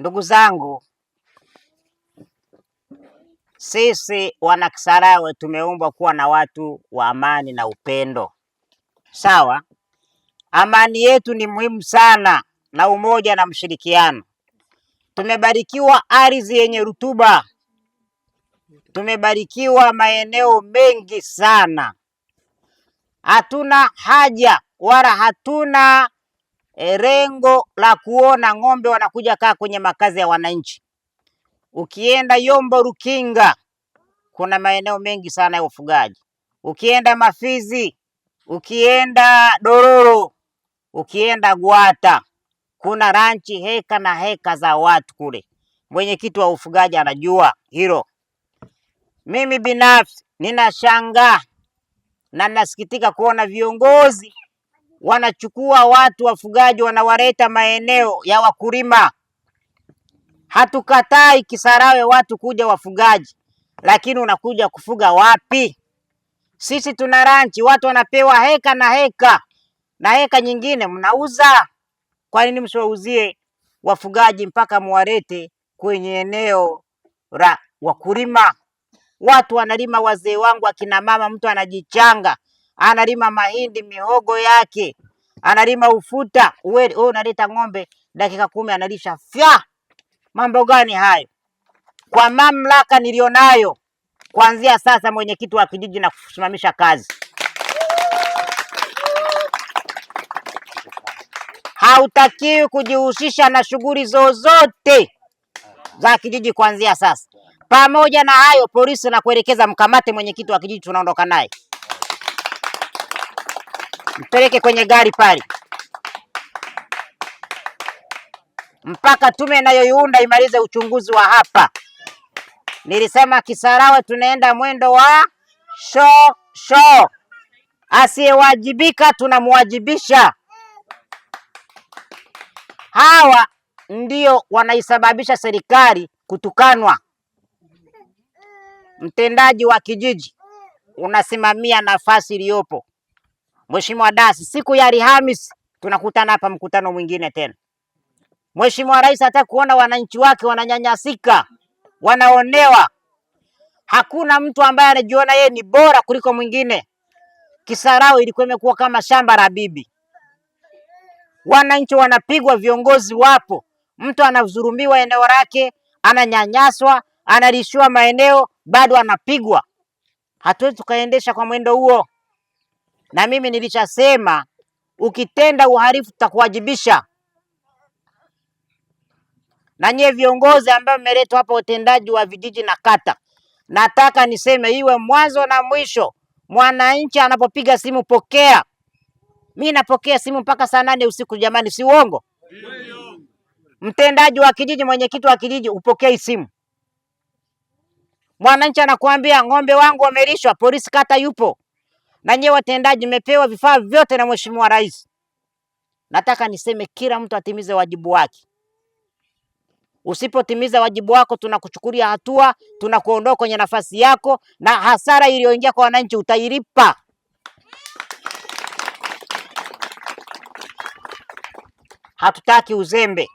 Ndugu zangu, sisi wanaksarawe tumeumbwa kuwa na watu wa amani na upendo, sawa. Amani yetu ni muhimu sana, na umoja na mshirikiano. Tumebarikiwa ardhi yenye rutuba, tumebarikiwa maeneo mengi sana. Hatuna haja wala hatuna E, rengo la kuona ng'ombe wanakuja kaa kwenye makazi ya wananchi. Ukienda Yombo Rukinga, kuna maeneo mengi sana ya ufugaji. Ukienda Mafizi, ukienda Dororo, ukienda Gwata, kuna ranchi heka na heka za watu kule. Mwenyekiti wa ufugaji anajua hilo. Mimi binafsi ninashangaa na nasikitika kuona viongozi wanachukua watu wafugaji, wanawaleta maeneo ya wakulima. Hatukatai Kisarawe watu kuja wafugaji, lakini unakuja kufuga wapi? Sisi tuna ranchi, watu wanapewa heka na heka na heka nyingine mnauza. Kwa nini msiwauzie wafugaji mpaka muwarete kwenye eneo la wakulima? Watu wanalima, wazee wangu, akina mama, mtu anajichanga analima mahindi, mihogo yake analima ufuta. Wewe unaleta ng'ombe dakika kumi analisha fya. Mambo gani hayo? Kwa mamlaka nilionayo kuanzia sasa, mwenyekiti wa kijiji na kusimamisha kazi. Hautakiwi kujihusisha na shughuli zozote za kijiji kuanzia sasa. Pamoja na hayo, polisi na kuelekeza mkamate mwenyekiti wa kijiji, tunaondoka naye mpeleke kwenye gari pale mpaka tume inayoiunda imalize uchunguzi wa hapa. Nilisema Kisarawe tunaenda mwendo wa sho sho, asiyewajibika tunamwajibisha. Hawa ndio wanaisababisha serikali kutukanwa. Mtendaji wa kijiji unasimamia nafasi iliyopo, Mheshimiwa Dasi, siku ya Alhamis tunakutana hapa mkutano mwingine tena. Mheshimiwa Rais hata kuona wananchi wake wananyanyasika, wanaonewa. Hakuna mtu ambaye anajiona yeye ni bora kuliko mwingine. Kisarawe ilikuwa imekuwa kama shamba la bibi, wananchi wanapigwa, viongozi wapo, mtu anadhulumiwa eneo lake, ananyanyaswa, analishiwa maeneo, bado anapigwa. Hatuwezi tukaendesha kwa mwendo huo na mimi nilishasema ukitenda uhalifu tutakuwajibisha. Na nyie viongozi ambao mmeletwa hapa, utendaji wa vijiji na kata, nataka niseme iwe mwanzo na mwisho. Mwananchi anapopiga simu pokea. Mi napokea simu mpaka saa nane usiku, jamani, si uongo. Mtendaji wa kijiji, mwenyekiti wa kijiji hupokei simu. Mwananchi anakuambia ng'ombe wangu wamelishwa, polisi kata yupo na nyewe watendaji mmepewa vifaa vyote na Mheshimiwa Rais. Nataka niseme kila mtu atimize wajibu wake. Usipotimiza wajibu wako, tunakuchukulia hatua, tunakuondoa kwenye nafasi yako, na hasara iliyoingia kwa wananchi utailipa. Hatutaki uzembe.